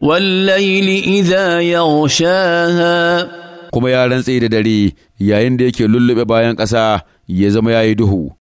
والليل ya يغشاها kuma ya rantse da dare yayin da yake lullube bayan ƙasa ya zama ya yi duhu